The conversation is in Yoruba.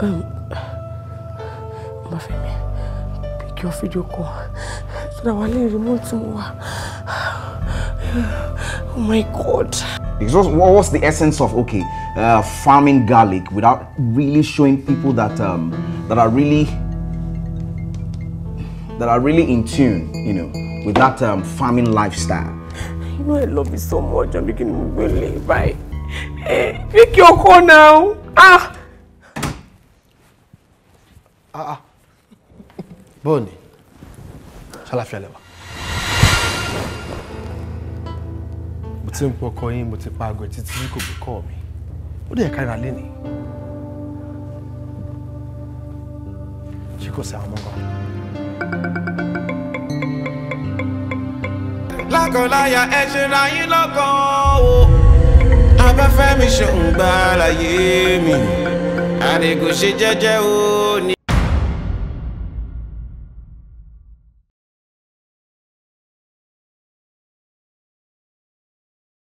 um, my family. pick your video call so that Wale remote more. Oh my God. Because what was the essence of okay uh, farming garlic without really showing people that um, that are really that are really in tune, you know, with that um, farming lifestyle. You know I love you so much. I'm beginning to believe, right? Hey, pick your call now. Ah. Ah, ah. bóòní ṣàlàfíà lẹ́wà. mo ti ń pọkọ yín mo ti pa aago ẹ̀ títí kò gbé kọ́ mi ó dẹ̀ kára lé ni. ṣé kò sí àwọn ọmọ kan. lákọláya ẹ ṣe ra yín lọ́kàn o abáfẹ́mi ṣòǹgbà láyé mi àdìgún ṣe jẹ́jẹ́ o ní.